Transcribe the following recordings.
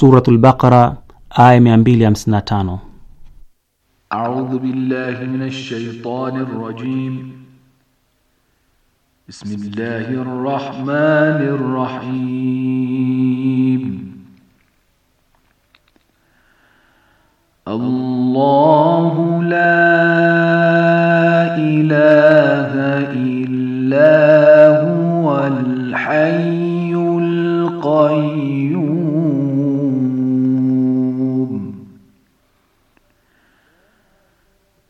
Suratul Baqara aya tano. A'udhu billahi minash shaitanir rajim. Bismillahir rahmanir rahim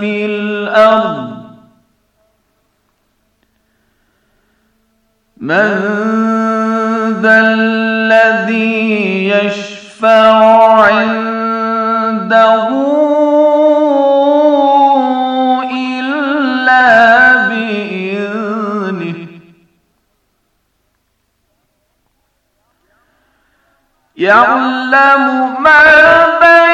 في الأرض من ذا الذي يشفع عنده إلا بإذنه يعلم ما بين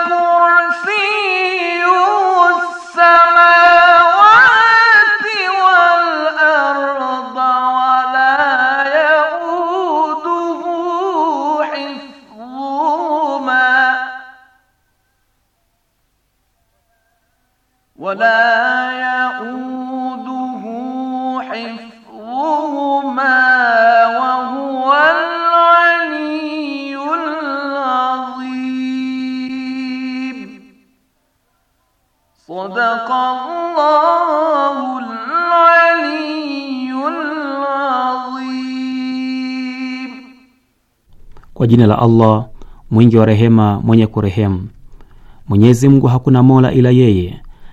wala yauduhu hifdhuhuma wa huwa al-aliyyul azim. Sadaqallahu al-aliyyul azim. Kwa jina la Allah mwingi wa rehema mwenye kurehemu. Mwenyezi Mungu hakuna mola ila yeye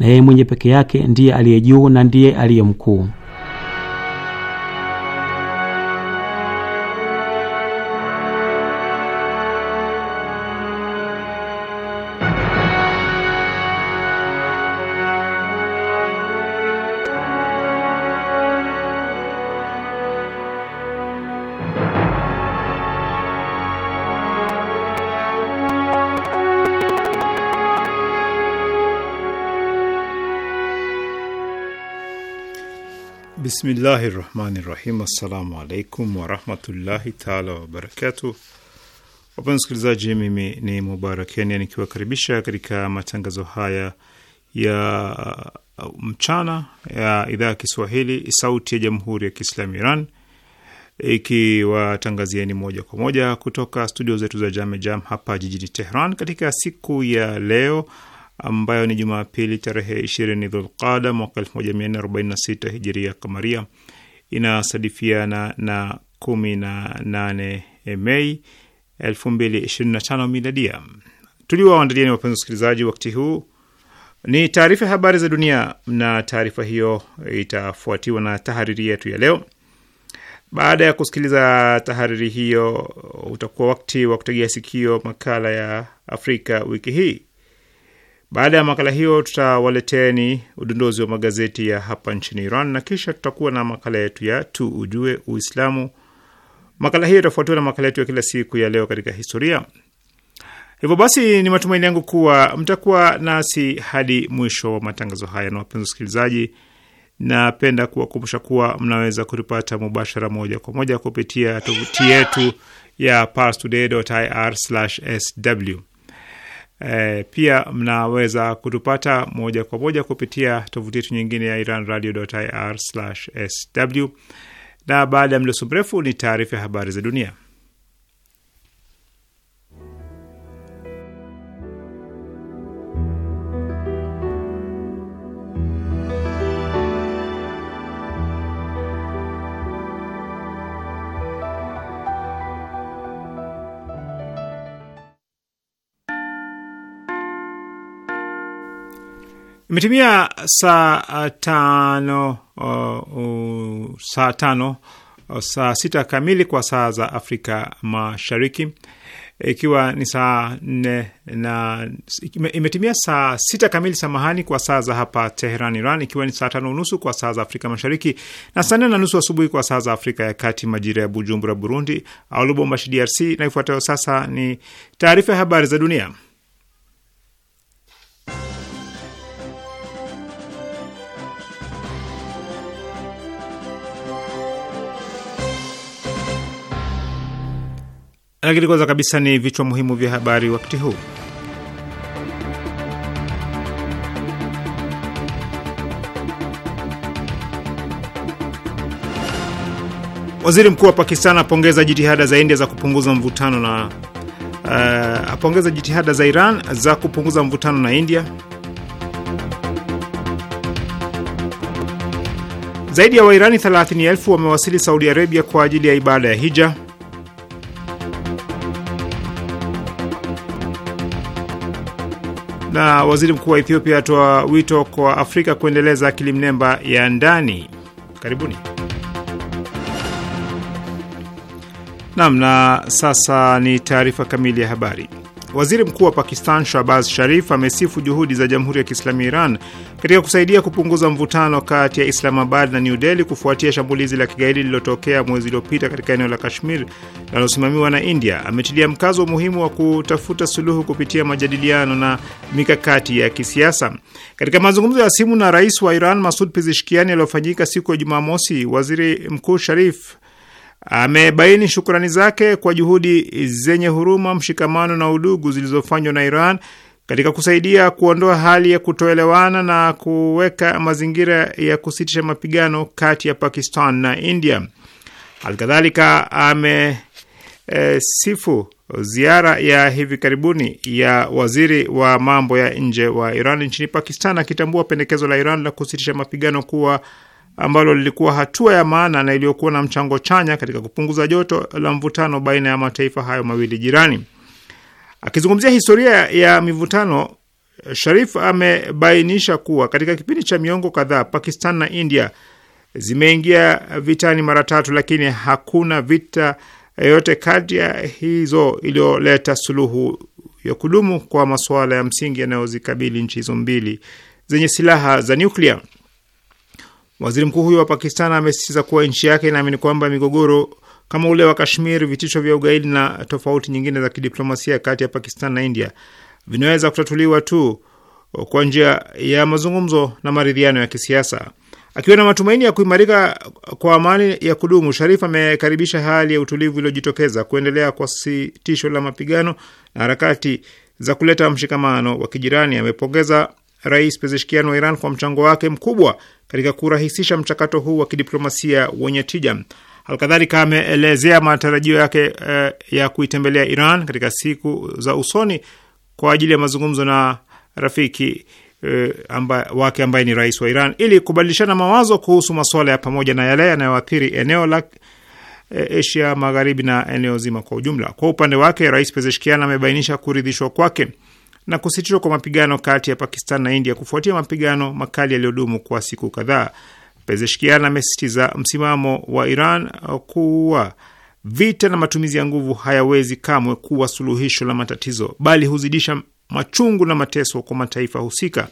na yeye mwenye peke yake ndiye aliye juu na ndiye aliye mkuu. Bismillahi rahmani rahim. Assalamu alaikum warahmatullahi taala wabarakatuh. Wapenzi msikilizaji, mimi ni Mubarakeni nikiwakaribisha katika matangazo haya ya mchana ya idhaa ya Kiswahili sauti ya jamhuri ya Kiislamu Iran ikiwatangazieni moja kwa moja kutoka studio zetu za Jame Jam hapa jijini Tehran katika siku ya leo ambayo ni Jumapili tarehe 20 Dhulqada mwaka 1446 hijiria kamaria inasadifiana na 18 Mei 2025 miladia. ni wapenzi wasikilizaji, wakati huu ni taarifa ya habari za dunia, na taarifa hiyo itafuatiwa na tahariri yetu ya leo. Baada ya kusikiliza tahariri hiyo, utakuwa wakati wa kutegea sikio makala ya Afrika wiki hii. Baada ya makala hiyo, tutawaleteni udondozi wa magazeti ya hapa nchini Iran na kisha tutakuwa na makala yetu ya tu ujue Uislamu. Makala hiyo itafuatiwa na makala yetu ya kila siku ya leo katika historia. Hivyo basi, ni matumaini yangu kuwa mtakuwa nasi hadi mwisho wa matangazo haya. Na wapenzi wasikilizaji, napenda kuwakumbusha kuwa mnaweza kutupata mubashara moja kwa moja kupitia tovuti yetu ya parstoday.ir/sw E, pia mnaweza kutupata moja kwa moja kupitia tovuti yetu nyingine ya iranradio.ir/sw. Na baada ya mdoso mrefu ni taarifa ya habari za dunia. Imetimia saa uh, tano, uh, uh, saa tano uh, saa sita kamili kwa saa za Afrika Mashariki, ikiwa ni saa nne na imetimia saa sita kamili, samahani, kwa saa za hapa Teheran, Iran, ikiwa ni saa tano unusu kwa saa za Afrika Mashariki na saa nne na nusu asubuhi kwa saa za Afrika ya Kati, majira ya Bujumbura, Burundi, au Lubumbashi, DRC. Na ifuatayo sasa ni taarifa ya habari za dunia. Lakini kwanza kabisa ni vichwa muhimu vya habari wakati huu. Waziri mkuu wa Pakistan apongeza jitihada za India za kupunguza mvutano na uh, apongeza jitihada za Iran za kupunguza mvutano na India. Zaidi ya Wairani elfu wamewasili Saudi Arabia kwa ajili ya ibada ya hija. Na waziri mkuu wa Ethiopia atoa wito kwa Afrika kuendeleza akili mnemba ya ndani. Karibuni. nam na sasa ni taarifa kamili ya habari. Waziri mkuu wa Pakistan Shahbaz Sharif amesifu juhudi za Jamhuri ya Kiislamu ya Iran katika kusaidia kupunguza mvutano kati ya Islamabad na New Delhi kufuatia shambulizi la kigaidi lililotokea mwezi uliopita katika eneo la Kashmir linalosimamiwa na India. Ametilia mkazo umuhimu wa kutafuta suluhu kupitia majadiliano na mikakati ya kisiasa. Katika mazungumzo ya simu na rais wa Iran Masud Pizishkiani yaliyofanyika siku ya Jumamosi, waziri mkuu Sharif amebaini shukrani zake kwa juhudi zenye huruma, mshikamano na udugu zilizofanywa na Iran katika kusaidia kuondoa hali ya kutoelewana na kuweka mazingira ya kusitisha mapigano kati ya Pakistan na India. Halikadhalika amesifu e, ziara ya hivi karibuni ya waziri wa mambo ya nje wa Iran nchini Pakistan, akitambua pendekezo la Iran la kusitisha mapigano kuwa ambalo lilikuwa hatua ya maana na iliyokuwa na mchango chanya katika kupunguza joto la mvutano baina ya mataifa hayo mawili jirani. Akizungumzia historia ya mivutano, Sharif amebainisha kuwa katika kipindi cha miongo kadhaa Pakistan na India zimeingia vitani mara tatu, lakini hakuna vita yoyote kati ya hizo iliyoleta suluhu ya kudumu kwa masuala ya msingi yanayozikabili nchi hizo mbili zenye silaha za nyuklia. Waziri mkuu huyo wa Pakistan amesisitiza kuwa nchi yake inaamini kwamba migogoro kama ule wa Kashmir, vitisho vya ugaidi na tofauti nyingine za kidiplomasia kati ya Pakistan na India vinaweza kutatuliwa tu kwa njia ya mazungumzo na maridhiano ya kisiasa. Akiwa na matumaini ya kuimarika kwa amani ya kudumu, Sharif amekaribisha hali ya utulivu iliyojitokeza, kuendelea kwa sitisho la mapigano na harakati za kuleta mshikamano wa kijirani. Amepongeza Rais Pezeshkian wa Iran kwa mchango wake mkubwa katika kurahisisha mchakato huu wa kidiplomasia wenye tija. Halkadhalika, ameelezea matarajio yake eh, ya kuitembelea Iran katika siku za usoni kwa ajili ya mazungumzo na rafiki eh, amba, wake ambaye ni rais wa Iran ili kubadilishana mawazo kuhusu masuala ya pamoja na yale yanayoathiri eneo la eh, Asia Magharibi na eneo zima kwa ujumla. Kwa upande wake, Rais Pezeshkian amebainisha kuridhishwa kwake na kusitishwa kwa mapigano kati ya Pakistan na India kufuatia mapigano makali yaliyodumu kwa siku kadhaa. Pezeshkian amesisitiza msimamo wa Iran kuwa vita na matumizi ya nguvu hayawezi kamwe kuwa suluhisho la matatizo, bali huzidisha machungu na mateso kwa mataifa husika.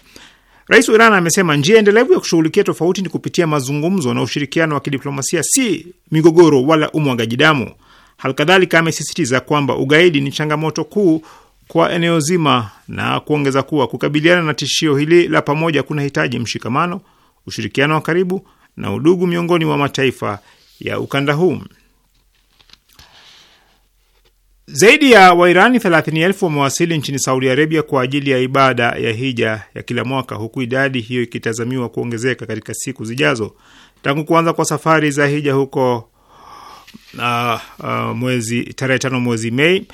Rais wa Iran amesema njia endelevu ya kushughulikia tofauti ni kupitia mazungumzo na ushirikiano wa kidiplomasia, si migogoro wala umwagaji damu. Halikadhalika amesisitiza kwamba ugaidi ni changamoto kuu kwa eneo zima na kuongeza kuwa kukabiliana na tishio hili la pamoja kunahitaji mshikamano, ushirikiano wa karibu na udugu miongoni mwa mataifa ya ukanda huu. Zaidi ya Wairani 30,000 wamewasili nchini Saudi Arabia kwa ajili ya ibada ya hija ya kila mwaka, huku idadi hiyo ikitazamiwa kuongezeka katika siku zijazo. Tangu kuanza kwa safari za hija huko uh, uh, mwezi tarehe tano mwezi Mei,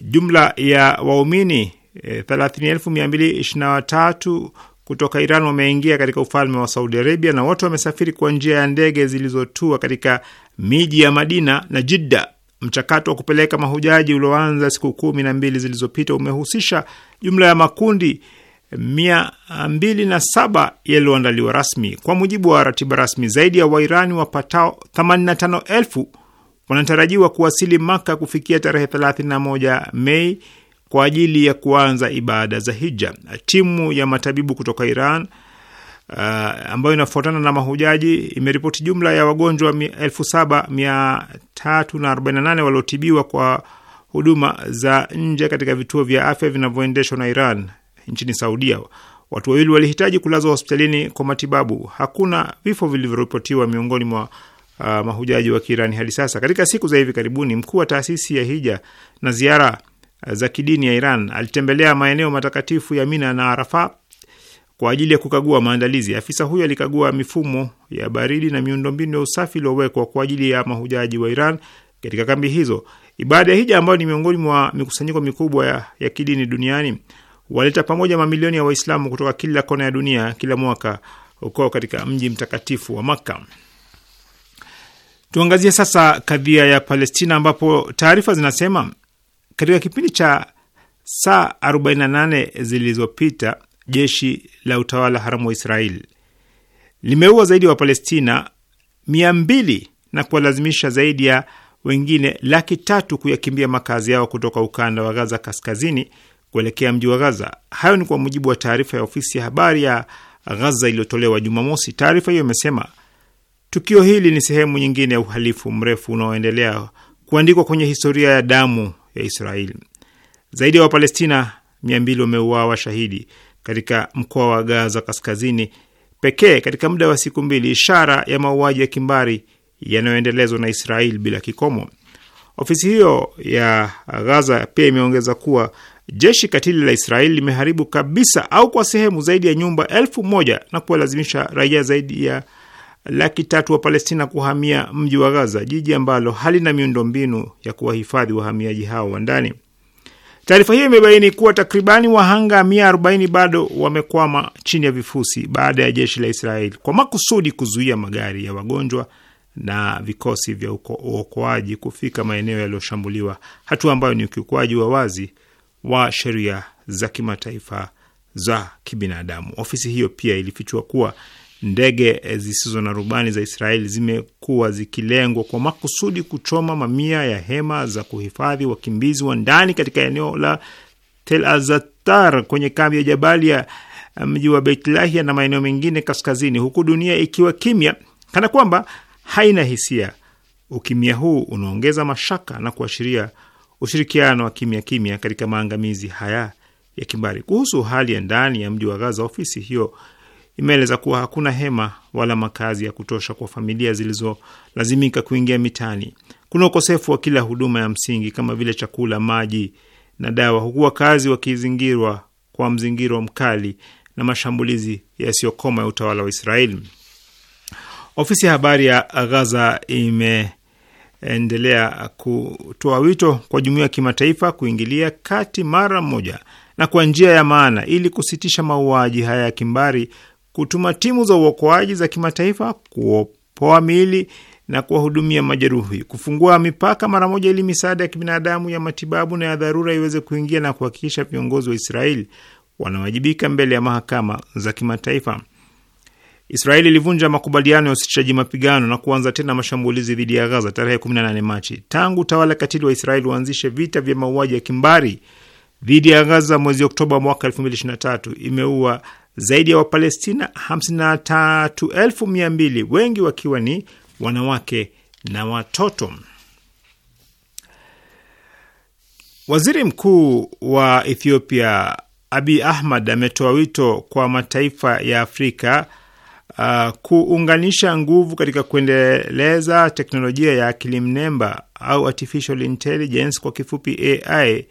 Jumla ya waumini e, eh, 30,223 kutoka Iran wameingia katika ufalme wa Saudi Arabia na wote wamesafiri kwa njia ya ndege zilizotua katika miji ya Madina na Jidda. Mchakato wa kupeleka mahujaji ulioanza siku kumi na mbili zilizopita umehusisha jumla ya makundi mia mbili na saba yaliyoandaliwa rasmi. Kwa mujibu wa ratiba rasmi, zaidi ya Wairani wapatao 85 elfu wanatarajiwa kuwasili Maka kufikia tarehe 31 Mei kwa ajili ya kuanza ibada za hija. Timu ya matabibu kutoka Iran uh, ambayo inafuatana na mahujaji imeripoti jumla ya wagonjwa 7348 waliotibiwa kwa huduma za nje katika vituo vya afya vinavyoendeshwa na Iran nchini Saudia. Watu wawili walihitaji kulazwa hospitalini kwa matibabu. Hakuna vifo vilivyoripotiwa miongoni mwa uh, mahujaji wa Kiirani hadi sasa. Katika siku za hivi karibuni, mkuu wa taasisi ya hija na ziara uh, za kidini ya Iran alitembelea maeneo matakatifu ya Mina na Arafa kwa ajili ya kukagua maandalizi. Afisa huyo alikagua mifumo ya baridi na miundombinu ya usafi iliyowekwa kwa ajili ya mahujaji wa Iran katika kambi hizo. Ibada ya hija ambayo ni miongoni mwa mikusanyiko mikubwa ya, ya kidini duniani waleta pamoja mamilioni ya Waislamu kutoka kila kona ya dunia kila mwaka huko katika mji mtakatifu wa Makka. Tuangazie sasa kadhia ya Palestina, ambapo taarifa zinasema katika kipindi cha saa 48 zilizopita jeshi la utawala haramu wa Israel limeua zaidi ya Wapalestina mia na kuwalazimisha zaidi ya wengine laki tatu kuyakimbia makazi yao kutoka ukanda wa Gaza kaskazini kuelekea mji wa Gaza. Hayo ni kwa mujibu wa taarifa ya ofisi ya habari ya Gaza iliyotolewa Jumamosi. Taarifa hiyo imesema Tukio hili ni sehemu nyingine ya uhalifu mrefu unaoendelea kuandikwa kwenye historia ya damu ya Israeli. Zaidi ya Wapalestina 200 wameuawa shahidi katika mkoa wa Gaza kaskazini pekee katika muda wa siku mbili, ishara ya mauaji ya kimbari yanayoendelezwa na Israeli bila kikomo. Ofisi hiyo ya Gaza pia imeongeza kuwa jeshi katili la Israeli limeharibu kabisa au kwa sehemu zaidi ya nyumba elfu moja na kuwalazimisha raia zaidi ya laki tatu wa Palestina kuhamia mji wa Gaza, jiji ambalo halina miundombinu ya kuwahifadhi wahamiaji hao wa ndani. Taarifa hiyo imebaini kuwa takribani wahanga 140 bado wamekwama chini ya vifusi baada ya jeshi la Israeli kwa makusudi kuzuia magari ya wagonjwa na vikosi vya uokoaji kufika maeneo yaliyoshambuliwa, hatua ambayo ni ukiukwaji wa wazi wa sheria za kimataifa za kibinadamu. Ofisi hiyo pia ilifichua kuwa ndege eh, zisizo na rubani za Israeli zimekuwa zikilengwa kwa makusudi kuchoma mamia ya hema za kuhifadhi wakimbizi wa ndani katika eneo la Tel Azatar kwenye kambi ya Jabalia, eh, mji wa Beitlahia na maeneo mengine kaskazini, huku dunia ikiwa kimya kana kwamba haina hisia. Ukimya huu unaongeza mashaka na kuashiria ushirikiano wa kimya kimya katika maangamizi haya ya kimbari. Kuhusu hali ya ndani ya mji wa Gaza, ofisi hiyo imeeleza kuwa hakuna hema wala makazi ya kutosha kwa familia zilizolazimika kuingia mitaani. Kuna ukosefu wa kila huduma ya msingi kama vile chakula, maji na dawa, huku wakazi wakizingirwa kwa mzingiro mkali na mashambulizi yasiyokoma ya utawala wa Israeli. Ofisi ya habari ya Gaza imeendelea kutoa wito kwa jumuiya ya kimataifa kuingilia kati mara moja na kwa njia ya maana ili kusitisha mauaji haya ya kimbari kutuma timu za uokoaji za kimataifa kuopoa miili na kuwahudumia majeruhi, kufungua mipaka mara moja ili misaada ya kibinadamu ya matibabu na ya dharura iweze kuingia na kuhakikisha viongozi wa Israeli wanawajibika mbele ya mahakama za kimataifa. Israeli ilivunja makubaliano ya usitishaji mapigano na kuanza tena mashambulizi dhidi ya Gaza tarehe 18 Machi. Tangu utawala katili wa Israeli uanzishe vita vya mauaji ya kimbari dhidi ya Gaza mwezi Oktoba mwaka 2023, imeua zaidi ya Wapalestina 53,200 wengi wakiwa ni wanawake na watoto. Waziri Mkuu wa Ethiopia Abi Ahmad ametoa wito kwa mataifa ya Afrika uh, kuunganisha nguvu katika kuendeleza teknolojia ya akili mnemba au artificial intelligence kwa kifupi AI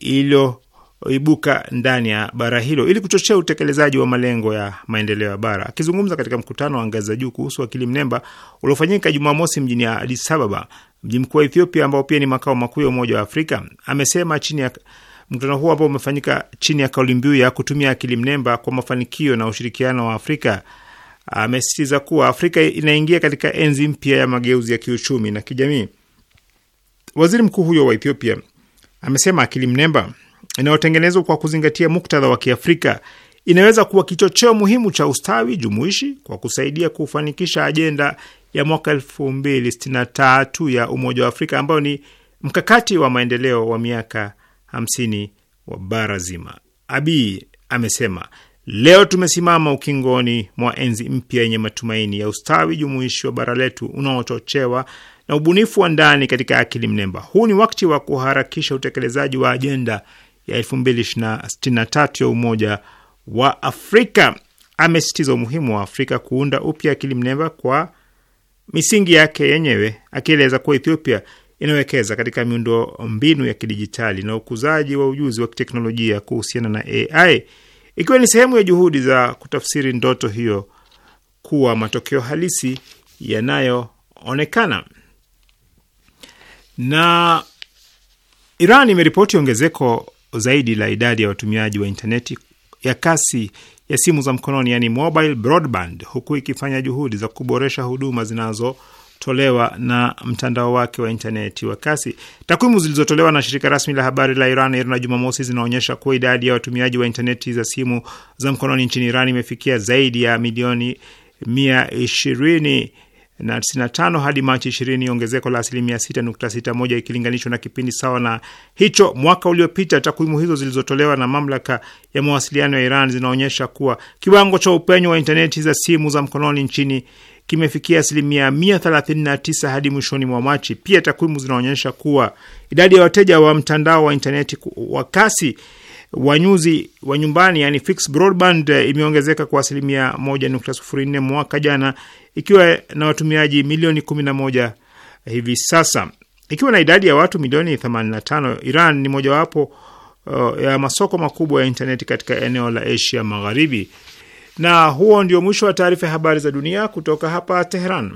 ilo ibuka ndani ya bara hilo ili kuchochea utekelezaji wa malengo ya maendeleo ya bara. Akizungumza katika mkutano wa ngazi za juu kuhusu akili mnemba uliofanyika Jumamosi mjini ya Addis Ababa, mji mkuu wa Ethiopia, ambao pia ni makao makuu ya Umoja wa Afrika, amesema chini ya mkutano huo ambao umefanyika chini ya kauli mbiu ya kutumia akili mnemba kwa mafanikio na ushirikiano wa Afrika, amesisitiza kuwa Afrika inaingia katika enzi mpya ya mageuzi ya kiuchumi na kijamii. Waziri mkuu huyo wa Ethiopia amesema akili mnemba inayotengenezwa kwa kuzingatia muktadha wa Kiafrika inaweza kuwa kichocheo muhimu cha ustawi jumuishi kwa kusaidia kufanikisha ajenda ya mwaka tatu ya Umoja wa Afrika ambayo ni mkakati wa maendeleo wa miaka hamsini wa bara zima. Abiy amesema leo tumesimama ukingoni mwa enzi mpya yenye matumaini ya ustawi jumuishi wa bara letu unaochochewa na ubunifu wa ndani katika akili mnemba. Huu ni wakati wa kuharakisha utekelezaji wa ajenda ya 2063 ya Umoja wa Afrika. Amesisitiza umuhimu wa Afrika kuunda upya akili mnemba kwa misingi yake yenyewe, akieleza kuwa Ethiopia inawekeza katika miundo mbinu ya kidijitali na ukuzaji wa ujuzi wa kiteknolojia kuhusiana na AI, ikiwa ni sehemu ya juhudi za kutafsiri ndoto hiyo kuwa matokeo halisi yanayoonekana. Na Iran imeripoti ongezeko zaidi la idadi ya watumiaji wa intaneti ya kasi ya simu za mkononi, yani mobile broadband, huku ikifanya juhudi za kuboresha huduma zinazotolewa na mtandao wake wa intaneti wa kasi. Takwimu zilizotolewa na shirika rasmi la habari la Iran IRNA Jumamosi zinaonyesha kuwa idadi ya watumiaji wa intaneti za simu za mkononi nchini Iran imefikia zaidi ya milioni mia ishirini na 95 hadi Machi 20, ongezeko la asilimia 6.61 ikilinganishwa na kipindi sawa na hicho mwaka uliopita. Takwimu hizo zilizotolewa na mamlaka ya mawasiliano ya Iran zinaonyesha kuwa kiwango cha upenyo wa intaneti za simu za mkononi nchini kimefikia asilimia 139 hadi mwishoni mwa Machi. Pia takwimu zinaonyesha kuwa idadi ya wateja wa mtandao wa intaneti wa kasi wanyuzi wa nyumbani yani fixed broadband imeongezeka kwa asilimia 1.04 mwaka jana ikiwa na watumiaji milioni 11 eh, hivi sasa. Ikiwa na idadi ya watu milioni 85, Iran ni mojawapo uh, ya masoko makubwa ya intaneti katika eneo la Asia Magharibi. Na huo ndio mwisho wa taarifa ya habari za dunia kutoka hapa Teheran.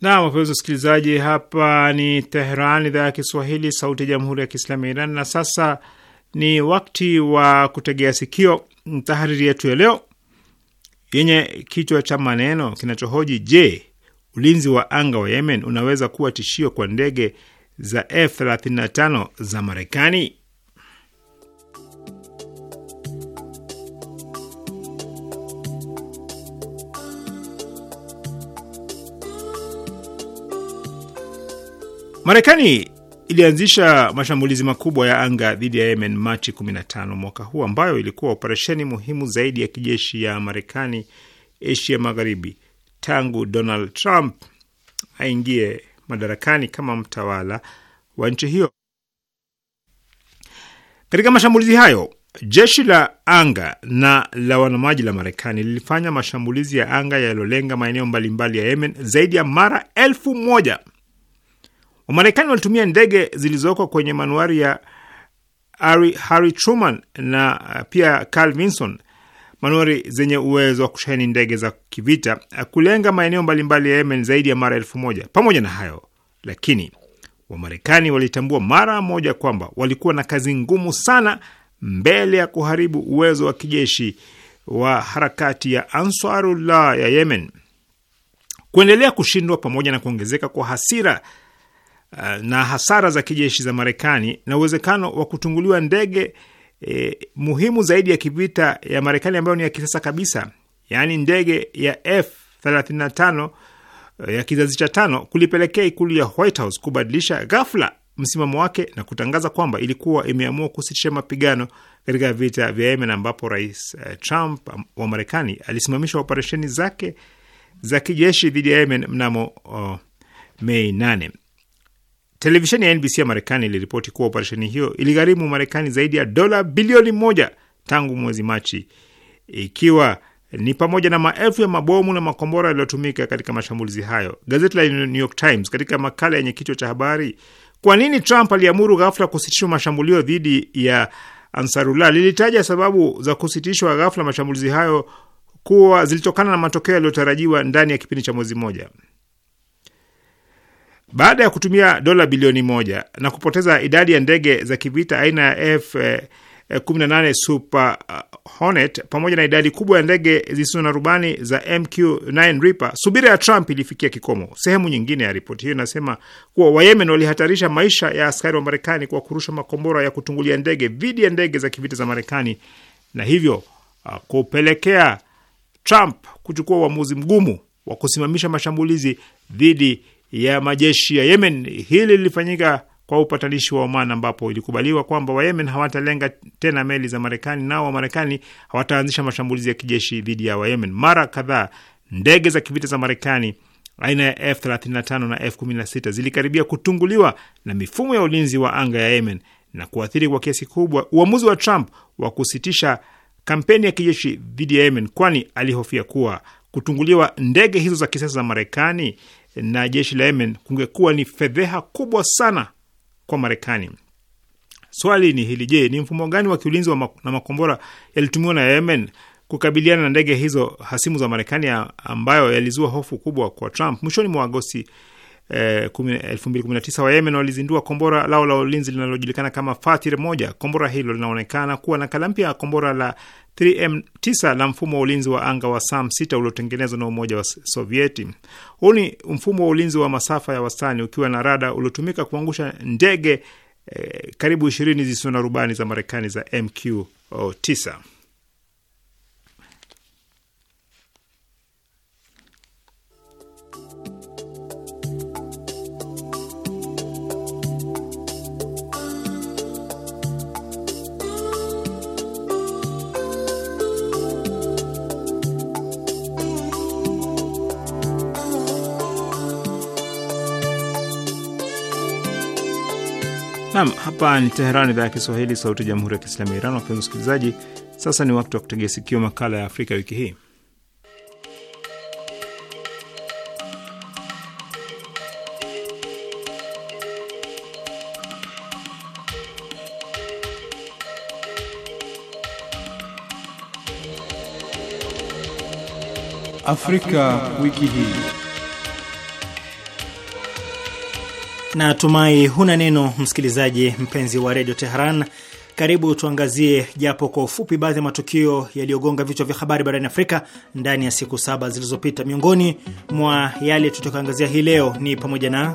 Na wapenzi wasikilizaji, hapa ni Tehran, idhaa ya Kiswahili, sauti ya jamhuri ya kiislamu ya Iran. Na sasa ni wakati wa kutegea sikio tahariri yetu ya leo yenye kichwa cha maneno kinachohoji: Je, ulinzi wa anga wa Yemen unaweza kuwa tishio kwa ndege za F35 za Marekani? Marekani ilianzisha mashambulizi makubwa ya anga dhidi ya Yemen Machi 15 mwaka huu, ambayo ilikuwa operesheni muhimu zaidi ya kijeshi ya Marekani Asia Magharibi tangu Donald Trump aingie madarakani kama mtawala wa nchi hiyo. Katika mashambulizi hayo, jeshi la anga na la wanamaji la Marekani lilifanya mashambulizi ya anga yaliyolenga maeneo mbalimbali ya Yemen zaidi ya mara elfu moja. Wamarekani walitumia ndege zilizoko kwenye manuari ya Ari, Harry Truman na uh, pia Carl Vinson, manuari zenye uwezo wa kusheheni ndege za kivita uh, kulenga maeneo mbalimbali ya Yemen zaidi ya mara elfu moja. Pamoja na hayo lakini, Wamarekani walitambua mara moja kwamba walikuwa na kazi ngumu sana mbele ya kuharibu uwezo wa kijeshi wa harakati ya Ansarullah ya Yemen. Kuendelea kushindwa pamoja na kuongezeka kwa hasira Eh, na hasara za kijeshi za Marekani na uwezekano wa kutunguliwa ndege e, muhimu zaidi ya kivita ya Marekani ambayo ni ya kisasa kabisa, yaani ndege ya F35 eh, ya kizazi cha tano kulipelekea ikulu ya White House kubadilisha ghafla msimamo wake na kutangaza kwamba ilikuwa imeamua kusitisha mapigano katika vita vya Yemen, ambapo Rais Trump wa Marekani alisimamisha operesheni zake za kijeshi dhidi ya Yemen mnamo uh, Mei 8. Televisheni ya NBC ya Marekani iliripoti kuwa operesheni hiyo iligharimu Marekani zaidi ya dola bilioni moja tangu mwezi Machi, ikiwa ni pamoja na maelfu ya mabomu na makombora yaliyotumika katika mashambulizi hayo. Gazeti la New York Times katika makala yenye kichwa cha habari kwa nini Trump aliamuru ghafla kusitishwa mashambulio dhidi ya Ansarullah lilitaja sababu za kusitishwa ghafla mashambulizi hayo kuwa zilitokana na matokeo yaliyotarajiwa ndani ya kipindi cha mwezi mmoja. Baada ya kutumia dola bilioni moja na kupoteza idadi ya ndege za kivita aina ya F 18 eh, eh, Super eh, Hornet pamoja na idadi kubwa ya ndege zisizo na rubani za MQ9 Reaper, subira ya Trump ilifikia kikomo. Sehemu nyingine ya ripoti hiyo inasema kuwa Wayemen walihatarisha maisha ya askari wa Marekani kwa kurusha makombora ya kutungulia ndege dhidi ya ndege za kivita za Marekani na hivyo ah, kupelekea Trump kuchukua uamuzi mgumu wa kusimamisha mashambulizi dhidi ya majeshi ya Yemen. Hili lilifanyika kwa upatanishi wa Oman, ambapo ilikubaliwa kwamba Wayemen hawatalenga tena meli za Marekani, nao Wamarekani hawataanzisha mashambulizi ya kijeshi dhidi ya Wayemen. Mara kadhaa ndege za kivita za Marekani aina ya F35 na F16 zilikaribia kutunguliwa na mifumo ya ulinzi wa anga ya Yemen na kuathiri kwa kiasi kubwa uamuzi wa Trump wa kusitisha kampeni ya kijeshi dhidi ya Yemen, kwani alihofia kuwa kutunguliwa ndege hizo za kisasa za Marekani na jeshi la Yemen kungekuwa ni fedheha kubwa sana kwa Marekani. Swali ni hili: je, ni mfumo gani wa kiulinzi na makombora yalitumiwa na Yemen kukabiliana na ndege hizo hasimu za Marekani ambayo yalizua hofu kubwa kwa Trump? Mwishoni mwa Agosti eh, 2019 wa Yemen walizindua kombora lao la ulinzi linalojulikana kama Fatir moja. Kombora hilo linaonekana kuwa nakala mpya ya kombora la 3M9 la mfumo wa ulinzi wa anga wa SAM 6 uliotengenezwa na Umoja wa Sovieti. Huu ni mfumo wa ulinzi wa masafa ya wastani ukiwa na rada uliotumika kuangusha ndege eh, karibu 20 zisizo na rubani za Marekani za MQ9. Nam, hapa ni Teheran, idhaa ya Kiswahili, sauti ya jamhuri ya kiislamu ya Iran. Wapenzi wasikilizaji, sasa ni wakati wa kutegea sikio makala ya Afrika wiki hii. Afrika wiki hii. na tumai huna neno, msikilizaji mpenzi wa redio Teheran. Karibu tuangazie japo kwa ufupi baadhi ya matukio yaliyogonga vichwa vya habari barani Afrika ndani ya siku saba zilizopita. Miongoni mwa yale tutakaangazia hii leo ni pamoja na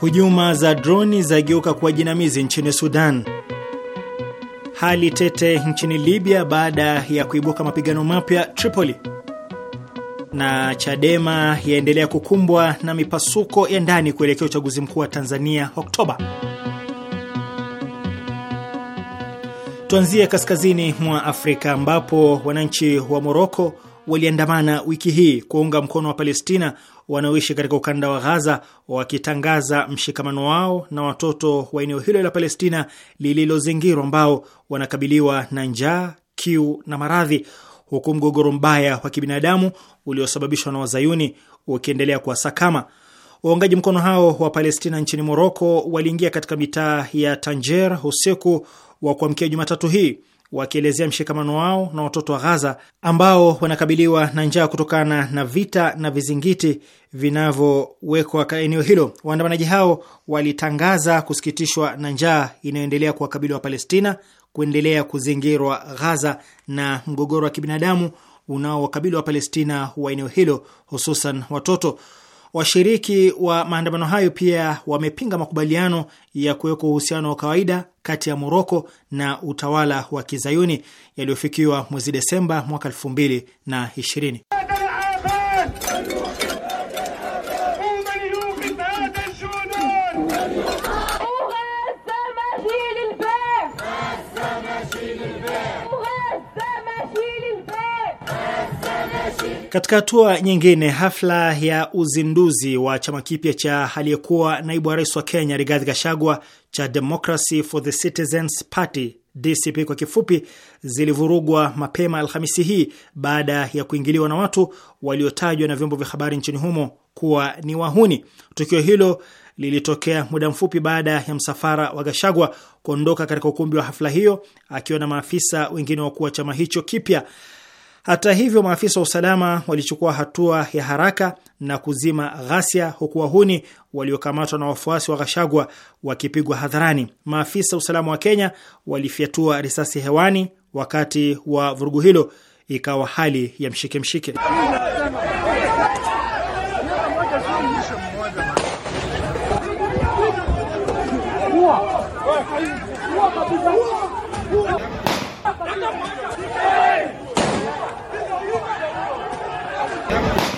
hujuma za droni zageuka kuwa jinamizi nchini Sudan, hali tete nchini Libya baada ya kuibuka mapigano mapya Tripoli na Chadema yaendelea kukumbwa na mipasuko ya ndani kuelekea uchaguzi mkuu wa Tanzania Oktoba. Tuanzie kaskazini mwa Afrika ambapo wananchi wa Moroko waliandamana wiki hii kuunga mkono wa Palestina wanaoishi katika ukanda wa Ghaza, wakitangaza mshikamano wao na watoto wa eneo hilo la Palestina lililozingirwa, ambao wanakabiliwa na njaa, kiu na maradhi huku mgogoro mbaya wa kibinadamu uliosababishwa na wazayuni ukiendelea kuwasakama. Waungaji mkono hao wa Palestina nchini Moroko waliingia katika mitaa ya Tanger usiku wa kuamkia Jumatatu hii wakielezea mshikamano wao na watoto wa Ghaza ambao wanakabiliwa na njaa kutokana na vita na vizingiti vinavyowekwa eneo hilo. Waandamanaji hao walitangaza kusikitishwa na njaa inayoendelea kuwakabili wa Palestina kuendelea kuzingirwa Ghaza na mgogoro wa kibinadamu unaowakabili wa Palestina wa eneo hilo, hususan watoto. Washiriki wa maandamano hayo pia wamepinga makubaliano ya kuwekwa uhusiano wa kawaida kati ya Moroko na utawala wa kizayuni yaliyofikiwa mwezi Desemba mwaka elfu mbili na ishirini. Katika hatua nyingine, hafla ya uzinduzi wa chama kipya cha aliyekuwa naibu wa rais wa Kenya Rigathi Gachagua cha Democracy for the Citizens Party DCP kwa kifupi, zilivurugwa mapema Alhamisi hii baada ya kuingiliwa na watu waliotajwa na vyombo vya habari nchini humo kuwa ni wahuni. Tukio hilo lilitokea muda mfupi baada ya msafara wa gashagwa kuondoka katika ukumbi wa hafla hiyo akiwa na maafisa wengine wakuu wa chama hicho kipya. Hata hivyo, maafisa wa usalama walichukua hatua ya haraka na kuzima ghasia, huku wahuni waliokamatwa na wafuasi wa Ghashagwa wakipigwa hadharani. Maafisa wa usalama wa Kenya walifyatua risasi hewani wakati wa vurugu hilo, ikawa hali ya mshike mshike.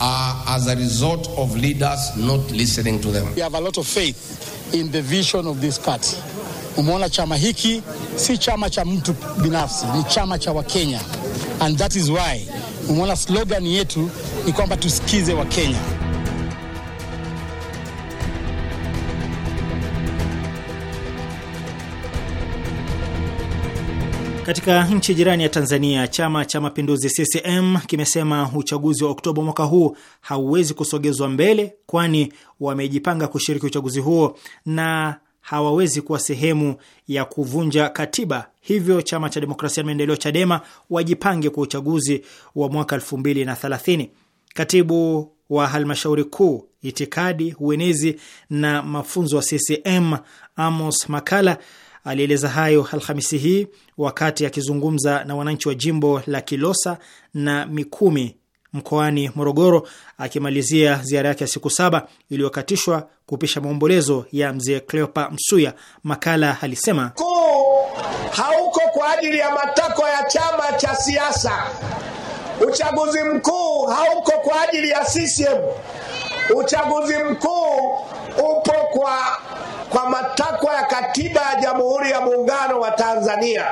are as a result of leaders not listening to them. We have a lot of faith in the vision of this party. Umeona chama hiki si chama cha mtu binafsi, ni chama cha Wakenya and that is why umeona slogan yetu ni kwamba tusikize Wakenya. Katika nchi jirani ya Tanzania, chama cha mapinduzi CCM kimesema uchaguzi wa Oktoba mwaka huu hauwezi kusogezwa mbele, kwani wamejipanga kushiriki uchaguzi huo na hawawezi kuwa sehemu ya kuvunja katiba. Hivyo chama cha demokrasia na maendeleo CHADEMA wajipange kwa uchaguzi wa mwaka thelathini. Katibu wa halmashauri kuu itikadi, uenezi na mafunzo wa CCM Amos Makala Alieleza hayo Alhamisi hii wakati akizungumza na wananchi wa jimbo la Kilosa na Mikumi mkoani Morogoro, akimalizia ziara yake ya siku saba iliyokatishwa kupisha maombolezo ya mzee Cleopa Msuya. Makala alisema kuu hauko kwa ajili ya matakwa ya chama cha siasa. Uchaguzi mkuu hauko kwa ajili ya CCM. Uchaguzi mkuu upo kwa, kwa matakwa ya katiba ya Jamhuri ya Muungano wa Tanzania.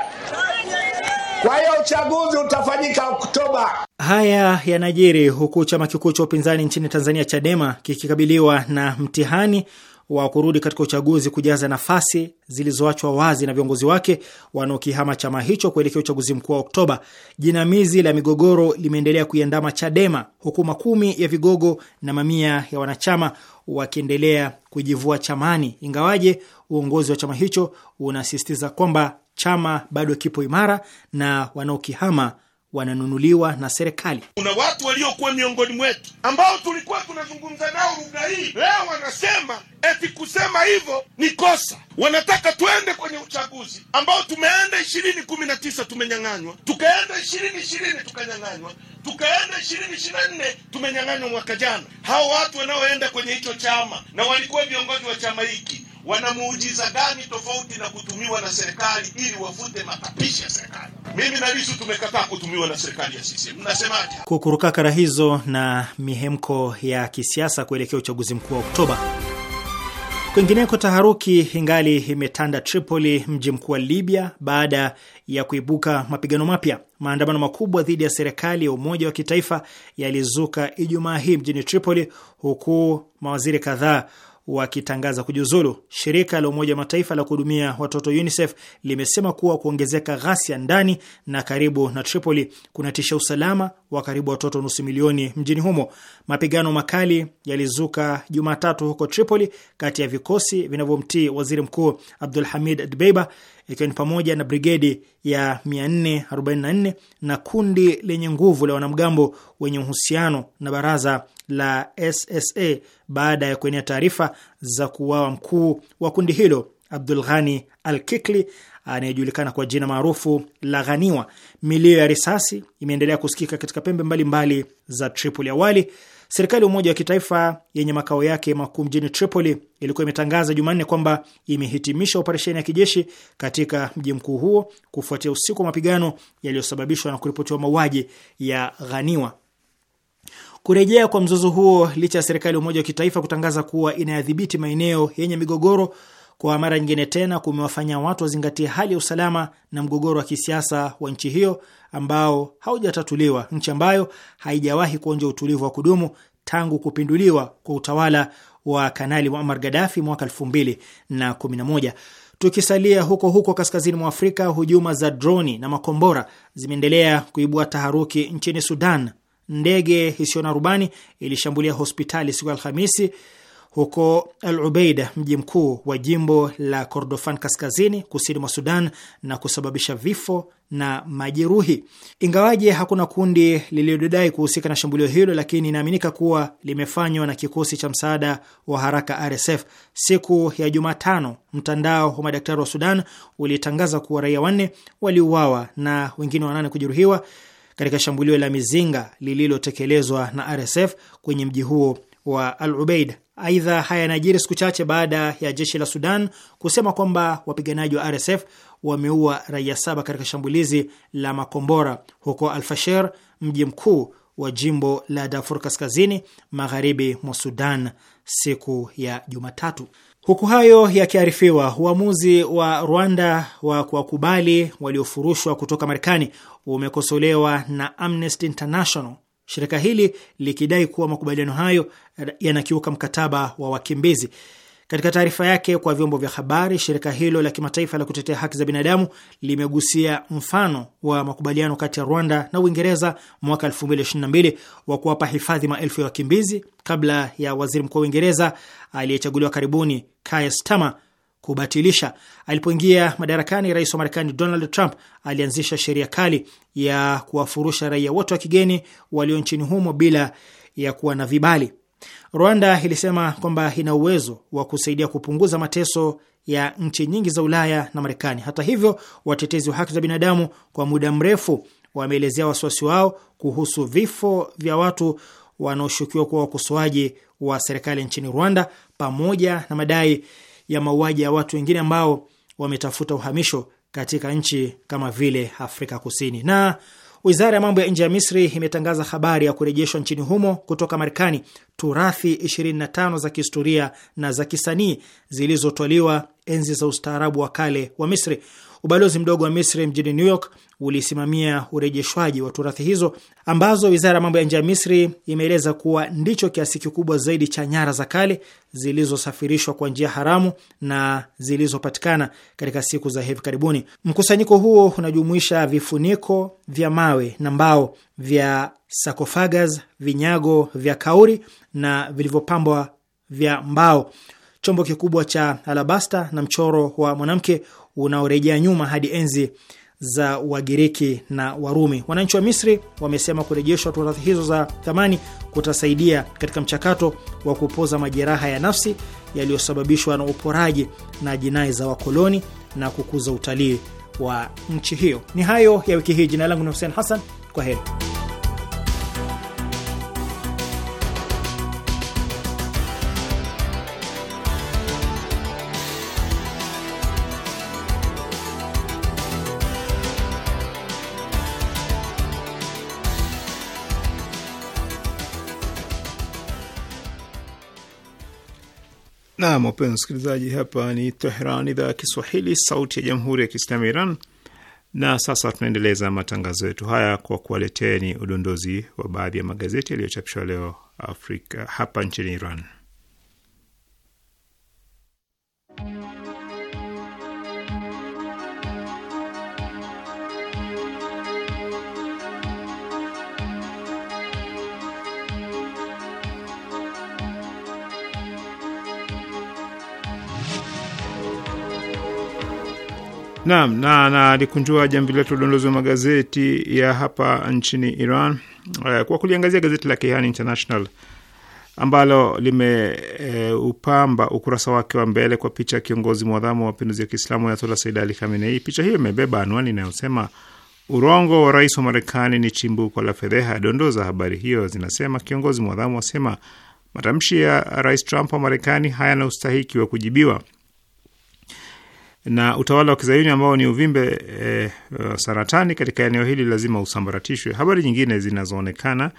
Kwa hiyo uchaguzi utafanyika Oktoba. Haya yanajiri huku chama kikuu cha upinzani nchini Tanzania, Chadema, kikikabiliwa na mtihani wa kurudi katika uchaguzi kujaza nafasi zilizoachwa wazi na viongozi wake wanaokihama chama hicho kuelekea uchaguzi mkuu wa Oktoba. Jinamizi la migogoro limeendelea kuiandama Chadema huku makumi ya vigogo na mamia ya wanachama wakiendelea kujivua chamani, ingawaje uongozi wa chama hicho unasisitiza kwamba chama bado kipo imara na wanaokihama wananunuliwa na serikali. Kuna watu waliokuwa miongoni mwetu ambao tulikuwa tunazungumza nao lugha hii, leo wanasema eti kusema hivyo ni kosa wanataka twende kwenye uchaguzi ambao tumeenda ishirini kumi na tisa tumenyang'anywa, tukaenda ishirini ishirini tukanyang'anywa, tukaenda ishirini ishirini na nne tumenyang'anywa mwaka jana. Hao watu wanaoenda kwenye hicho chama na walikuwa viongozi wa chama hiki wana muujiza gani tofauti na kutumiwa na serikali ili wafute matapishi ya serikali? Mimi na Lisu tumekataa kutumiwa na serikali ya CCM. Mnasemaje? Kukurukakara hizo na mihemko ya kisiasa kuelekea uchaguzi mkuu wa Oktoba Kwingineko, taharuki ingali imetanda Tripoli, mji mkuu wa Libya, baada ya kuibuka mapigano mapya. Maandamano makubwa dhidi ya serikali ya umoja wa kitaifa yalizuka Ijumaa hii mjini Tripoli, huku mawaziri kadhaa wakitangaza kujiuzulu. Shirika la Umoja Mataifa la kuhudumia watoto UNICEF limesema kuwa kuongezeka ghasia ndani na karibu na Tripoli kunatisha usalama wa karibu watoto nusu milioni mjini humo. Mapigano makali yalizuka Jumatatu huko Tripoli kati ya vikosi vinavyomtii waziri mkuu Abdul Hamid Dbeiba ikiwa ni pamoja na brigedi ya 444 na kundi lenye nguvu la wanamgambo wenye uhusiano na baraza la SSA baada ya kuenea taarifa za kuuawa mkuu wa kundi hilo Abdul Ghani Al-Kikli anayejulikana kwa jina maarufu la Ghaniwa. Milio ya risasi imeendelea kusikika katika pembe mbalimbali mbali za Tripoli. Awali Serikali ya Umoja wa Kitaifa yenye makao yake makuu mjini Tripoli ilikuwa imetangaza Jumanne kwamba imehitimisha operesheni ya kijeshi katika mji mkuu huo kufuatia usiku wa mapigano yaliyosababishwa na kuripotiwa mauaji ya Ghaniwa. Kurejea kwa mzozo huo licha ya serikali ya Umoja wa Kitaifa kutangaza kuwa inayadhibiti maeneo yenye migogoro kwa mara nyingine tena kumewafanya watu wazingatie hali ya usalama na mgogoro wa kisiasa wa nchi hiyo ambao haujatatuliwa, nchi ambayo haijawahi kuonja utulivu wa kudumu tangu kupinduliwa kwa utawala wa Kanali Muammar Gaddafi mwaka 211 Tukisalia huko huko kaskazini mwa Afrika, hujuma za droni na makombora zimeendelea kuibua taharuki nchini Sudan. Ndege isiyo na rubani ilishambulia hospitali siku ya Alhamisi huko Al Ubeida, mji mkuu wa jimbo la Kordofan kaskazini kusini mwa Sudan, na kusababisha vifo na majeruhi. Ingawaje hakuna kundi lililodai kuhusika na shambulio hilo, lakini inaaminika kuwa limefanywa na kikosi cha msaada wa haraka RSF. Siku ya Jumatano, mtandao wa madaktari wa Sudan ulitangaza kuwa raia wanne waliuawa na wengine wanane kujeruhiwa katika shambulio la mizinga lililotekelezwa na RSF kwenye mji huo wa Al Ubeida. Aidha, haya yanajiri siku chache baada ya jeshi la Sudan kusema kwamba wapiganaji wa RSF wameua raia saba katika shambulizi la makombora huko Alfasher, mji mkuu wa jimbo la Darfur kaskazini magharibi mwa Sudan siku ya Jumatatu. Huku hayo yakiarifiwa, uamuzi wa Rwanda wa kuwakubali waliofurushwa kutoka Marekani umekosolewa na Amnesty International shirika hili likidai kuwa makubaliano hayo yanakiuka mkataba wa wakimbizi. Katika taarifa yake kwa vyombo vya habari, shirika hilo la kimataifa la kutetea haki za binadamu limegusia mfano wa makubaliano kati ya Rwanda na Uingereza mwaka 2022 wa kuwapa hifadhi maelfu ya wakimbizi kabla ya waziri mkuu wa Uingereza aliyechaguliwa karibuni Keir Starmer kubatilisha. Alipoingia madarakani, rais wa Marekani Donald Trump alianzisha sheria kali ya kuwafurusha raia wote wa kigeni walio nchini humo bila ya kuwa na vibali. Rwanda ilisema kwamba ina uwezo wa kusaidia kupunguza mateso ya nchi nyingi za Ulaya na Marekani. Hata hivyo, watetezi wa haki za binadamu kwa muda mrefu wameelezea wasiwasi wao kuhusu vifo vya watu wanaoshukiwa kuwa wakosoaji wa serikali nchini Rwanda pamoja na madai ya mauaji ya watu wengine ambao wametafuta uhamisho katika nchi kama vile Afrika Kusini. Na wizara ya mambo ya nje ya Misri imetangaza habari ya kurejeshwa nchini humo kutoka Marekani turathi 25 za kihistoria na za kisanii zilizotwaliwa enzi za ustaarabu wa kale wa Misri. Ubalozi mdogo wa Misri mjini New York ulisimamia urejeshwaji wa turathi hizo ambazo wizara ya mambo ya nje ya Misri imeeleza kuwa ndicho kiasi kikubwa zaidi cha nyara za kale zilizosafirishwa kwa njia haramu na zilizopatikana katika siku za hivi karibuni. Mkusanyiko huo unajumuisha vifuniko vya mawe na mbao vya sarcophagus, vinyago vya kauri na vilivyopambwa vya mbao, chombo kikubwa cha alabasta na mchoro wa mwanamke unaorejea nyuma hadi enzi za Wagiriki na Warumi. Wananchi wa Misri wamesema kurejeshwa turathi hizo za thamani kutasaidia katika mchakato wa kupoza majeraha ya nafsi yaliyosababishwa na uporaji na jinai za wakoloni na kukuza utalii wa nchi hiyo. Ni hayo ya wiki hii. Jina langu ni Hussein Hassan, kwa heri. Naam, wapenzi msikilizaji, hapa ni Tehran, idhaa ya Kiswahili, sauti ya jamhuri ya kiislamu Iran. Na sasa tunaendeleza matangazo yetu haya kwa kuwaleteni udondozi wa baadhi ya magazeti yaliyochapishwa leo Afrika hapa nchini Iran. Naam, na nalikunjua jamvi letu udondozi wa magazeti ya hapa nchini Iran eh, kwa kuliangazia gazeti la Kayhan International ambalo limeupamba eh, e, ukurasa wake wa mbele kwa picha ya kiongozi mwadhamu wa mapinduzi ya Kiislamu Ayatollah Sayyid Ali Khamenei. Picha hiyo imebeba anwani inayosema urongo wa rais wa Marekani ni chimbuko la fedheha. Dondoo za habari hiyo zinasema kiongozi mwadhamu asema matamshi ya rais Trump wa Marekani hayana ustahiki wa kujibiwa na utawala wa kizayuni ambao ni uvimbe e, saratani katika eneo hili lazima usambaratishwe. Habari nyingine zinazoonekana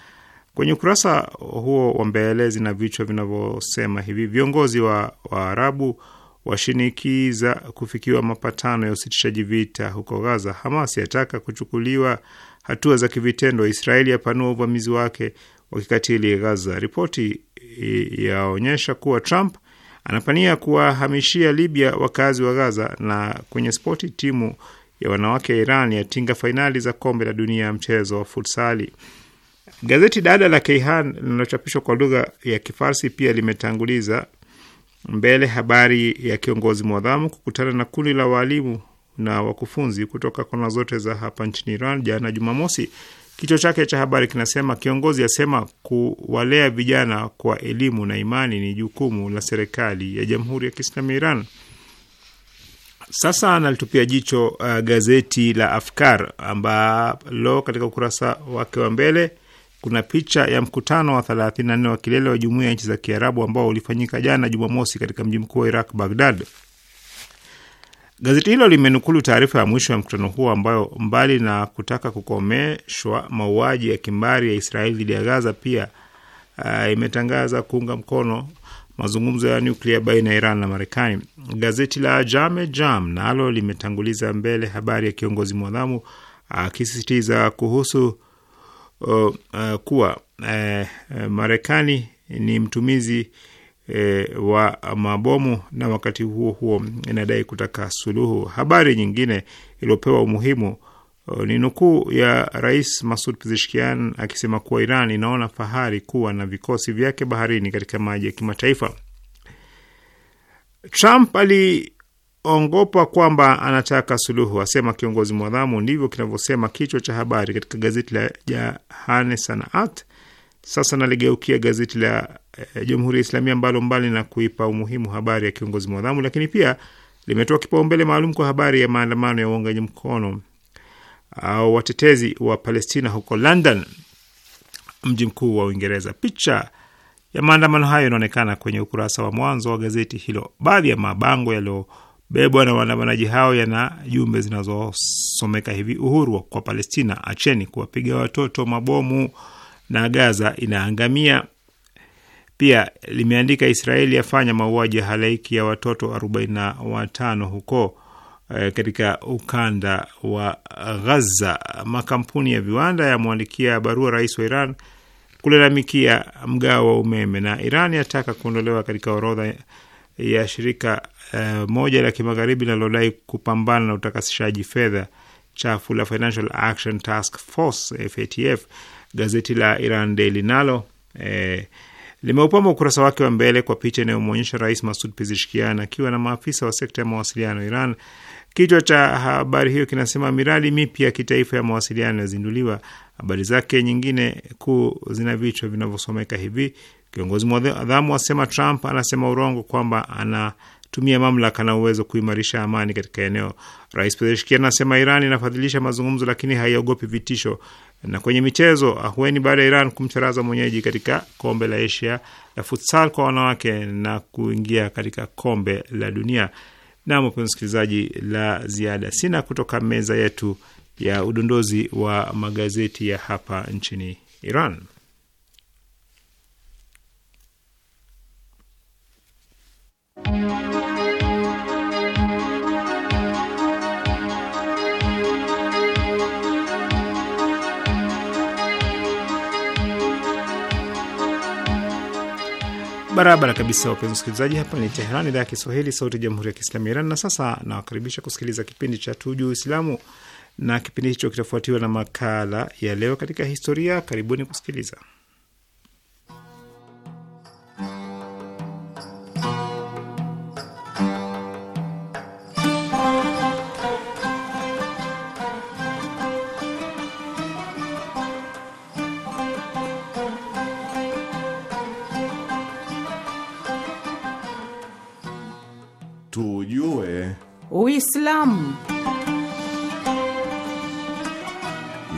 kwenye ukurasa huo wa mbele zina vichwa vinavyosema hivi: viongozi wa Waarabu washinikiza kufikiwa mapatano ya usitishaji vita huko Gaza. Hamas yataka kuchukuliwa hatua za kivitendo. Israeli yapanua uvamizi wake wa kikatili Gaza. Ripoti yaonyesha kuwa Trump anapania kuwahamishia Libya wakazi wa Gaza. Na kwenye spoti, timu ya wanawake ya Iran yatinga fainali za kombe la dunia ya mchezo wa futsali. Gazeti dada la Keihan linalochapishwa kwa lugha ya Kifarsi pia limetanguliza mbele habari ya kiongozi mwadhamu kukutana na kundi la waalimu na wakufunzi kutoka kona zote za hapa nchini Iran jana Jumamosi. Kichwa chake cha habari kinasema kiongozi asema kuwalea vijana kwa elimu na imani ni jukumu la serikali ya Jamhuri ya Kiislamu ya Iran. Sasa analitupia jicho uh, gazeti la Afkar ambalo katika ukurasa wake wa mbele kuna picha ya mkutano wa 34 wa kilele wa Jumuiya ya Nchi za Kiarabu ambao ulifanyika jana Jumamosi katika mji mkuu wa Iraq, Baghdad. Gazeti hilo limenukulu taarifa ya mwisho ya mkutano huo ambayo mbali na kutaka kukomeshwa mauaji ya kimbari ya Israeli dhidi ya Gaza pia uh, imetangaza kuunga mkono mazungumzo ya nuklia baina ya Iran na Marekani. Gazeti la Jame Jam nalo na limetanguliza mbele habari ya kiongozi mwadhamu akisisitiza uh, kuhusu uh, uh, kuwa uh, Marekani ni mtumizi e, wa mabomu na wakati huo huo inadai kutaka suluhu. Habari nyingine iliyopewa umuhimu e, ni nukuu ya Rais Masud Pezeshkian akisema kuwa Iran inaona fahari kuwa na vikosi vyake baharini katika maji ya kimataifa. Trump aliongopa kwamba anataka suluhu, asema kiongozi mwadhamu. Ndivyo kinavyosema kichwa cha habari katika gazeti la Jahane Sanaat. Sasa naligeukia gazeti la Eh, Jamhuri ya Islamia ambalo mbali na kuipa umuhimu habari ya kiongozi mwadhamu, lakini pia limetoa kipaumbele maalum kwa habari ya maandamano ya uungaji mkono au watetezi wa Palestina huko London, mji mkuu wa Uingereza. Picha ya maandamano hayo inaonekana kwenye ukurasa wa mwanzo wa gazeti hilo. Baadhi ya mabango yaliyobebwa na waandamanaji hao yana jumbe zinazosomeka hivi: uhuru kwa Palestina, acheni kuwapiga watoto mabomu na Gaza inaangamia. Pia limeandika Israeli yafanya mauaji ya halaiki ya watoto 45 huko e, katika ukanda wa Ghaza. Makampuni ya viwanda yamwandikia barua rais wa Iran kulalamikia mgao wa umeme, na Iran yataka kuondolewa katika orodha ya shirika e, moja la kimagharibi linalodai kupambana na utakasishaji fedha chafu la Financial Action Task Force FATF. Gazeti la Iran Daily nalo e, limeupamba ukurasa wake wa mbele kwa picha inayomwonyesha Rais Masud pizishkian akiwa na maafisa wa sekta ya mawasiliano Iran. Kichwa cha habari hiyo kinasema miradi mipya ya kitaifa ya mawasiliano yazinduliwa. Habari zake nyingine kuu zina vichwa vinavyosomeka hivi: kiongozi mwadhamu asema Trump anasema urongo kwamba ana tumia mamlaka na uwezo kuimarisha amani katika eneo. Rais Pezeshkian anasema Iran inafadhilisha mazungumzo, lakini haiogopi vitisho. Na kwenye michezo, ahueni baada ya Iran kumcharaza mwenyeji katika kombe la Asia la futsal kwa wanawake na kuingia katika kombe la dunia. Na mpenzi msikilizaji, la ziada sina kutoka meza yetu ya udondozi wa magazeti ya hapa nchini Iran. Barabara kabisa, wapenzi wasikilizaji, hapa ni Teheran, idhaa ya Kiswahili, sauti ya jamhuri ya kiislamu ya Iran. Na sasa nawakaribisha kusikiliza kipindi cha juu Uislamu, na kipindi hicho kitafuatiwa na makala ya Leo katika Historia. Karibuni kusikiliza. tujue Uislamu.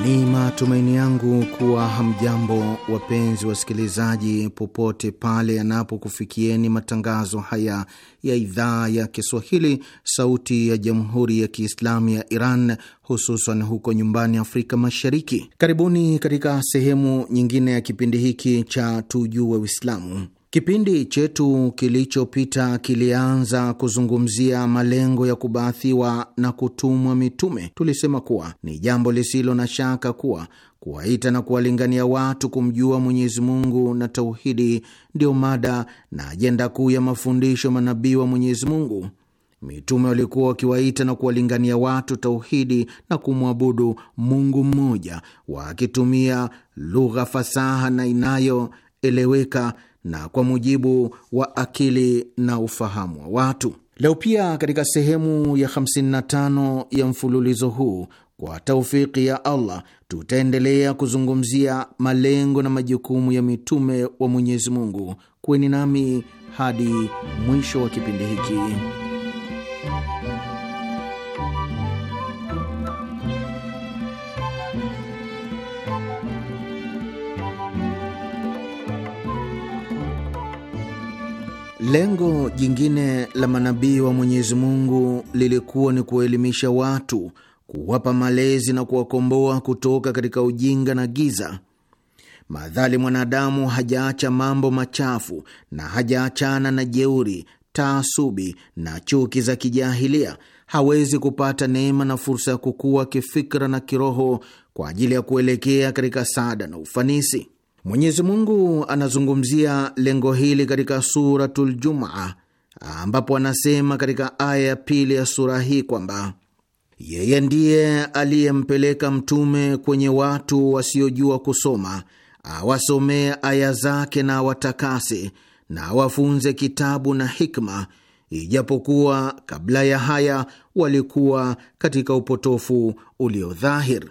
Ni matumaini yangu kuwa hamjambo, wapenzi wasikilizaji, popote pale yanapokufikieni matangazo haya ya idhaa ya Kiswahili, Sauti ya Jamhuri ya Kiislamu ya Iran, hususan huko nyumbani Afrika Mashariki. Karibuni katika sehemu nyingine ya kipindi hiki cha Tujue Uislamu. Kipindi chetu kilichopita kilianza kuzungumzia malengo ya kubaathiwa na kutumwa mitume. Tulisema kuwa ni jambo lisilo na shaka kuwa kuwaita na kuwalingania watu kumjua Mwenyezi Mungu na tauhidi ndio mada na ajenda kuu ya mafundisho manabii wa Mwenyezi Mungu. Mitume walikuwa wakiwaita na kuwalingania watu tauhidi na kumwabudu Mungu mmoja, wakitumia lugha fasaha na inayoeleweka na kwa mujibu wa akili na ufahamu wa watu. Leo pia katika sehemu ya 55 ya mfululizo huu, kwa taufiki ya Allah, tutaendelea kuzungumzia malengo na majukumu ya mitume wa Mwenyezi Mungu. nami hadi mwisho wa kipindi hiki. Lengo jingine la manabii wa Mwenyezi Mungu lilikuwa ni kuwaelimisha watu, kuwapa malezi na kuwakomboa kutoka katika ujinga na giza. Madhali mwanadamu hajaacha mambo machafu na hajaachana na jeuri, taasubi na chuki za kijahilia, hawezi kupata neema na fursa ya kukua kifikra na kiroho kwa ajili ya kuelekea katika saada na ufanisi. Mwenyezi Mungu anazungumzia lengo hili katika Suratul Jumaa, ambapo anasema katika aya ya pili ya sura hii kwamba yeye ndiye aliyempeleka mtume kwenye watu wasiojua kusoma awasomee aya zake na watakase na awafunze kitabu na hikma, ijapokuwa kabla ya haya walikuwa katika upotofu uliodhahir.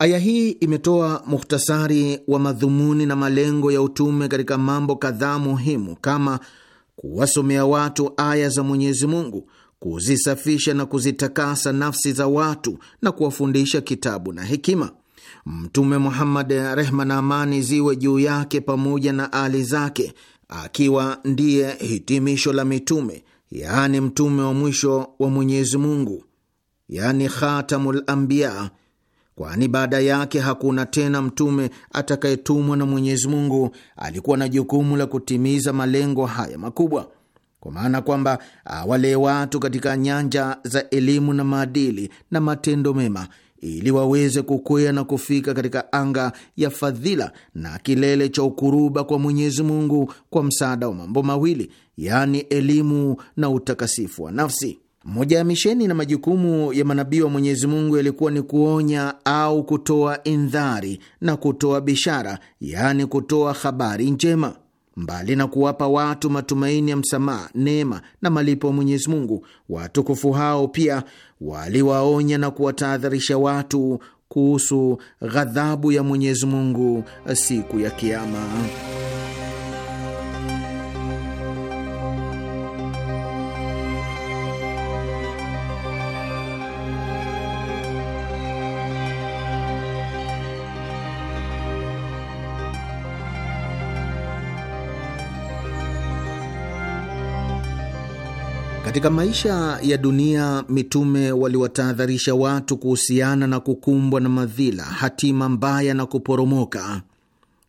Aya hii imetoa muhtasari wa madhumuni na malengo ya utume katika mambo kadhaa muhimu kama kuwasomea watu aya za Mwenyezi Mungu, kuzisafisha na kuzitakasa nafsi za watu na kuwafundisha kitabu na hekima. Mtume Muhammad, rehma na amani ziwe juu yake pamoja na ali zake, akiwa ndiye hitimisho la mitume, yaani mtume wa mwisho wa Mwenyezi Mungu, yaani khatamul anbiya kwani baada yake hakuna tena mtume atakayetumwa na Mwenyezi Mungu alikuwa na jukumu la kutimiza malengo haya makubwa, kwa maana kwamba awalee ah, watu katika nyanja za elimu na maadili na matendo mema ili waweze kukwea na kufika katika anga ya fadhila na kilele cha ukuruba kwa Mwenyezi Mungu kwa msaada wa mambo mawili, yaani elimu na utakasifu wa nafsi. Moja ya misheni na majukumu ya manabii wa Mwenyezi Mungu yalikuwa ni kuonya au kutoa indhari na kutoa bishara, yaani kutoa habari njema. Mbali na kuwapa watu matumaini ya msamaha, neema na malipo ya Mwenyezi Mungu, watukufu hao pia waliwaonya na kuwatahadharisha watu kuhusu ghadhabu ya Mwenyezi Mungu siku ya Kiama. Katika maisha ya dunia mitume waliwatahadharisha watu kuhusiana na kukumbwa na madhila, hatima mbaya na kuporomoka.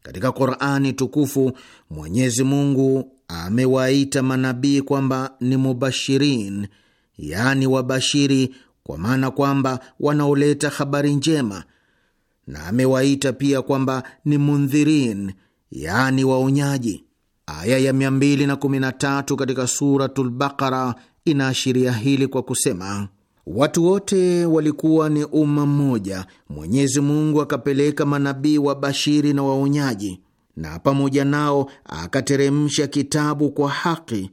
Katika Qurani tukufu Mwenyezi Mungu amewaita manabii kwamba ni mubashirin, yaani wabashiri, kwa maana kwamba wanaoleta habari njema, na amewaita pia kwamba ni mundhirin, yaani waonyaji. Aya ya 213 katika Suratul Baqara inaashiria hili kwa kusema watu wote walikuwa ni umma mmoja. Mwenyezi Mungu akapeleka manabii wa bashiri na waonyaji, na pamoja nao akateremsha kitabu kwa haki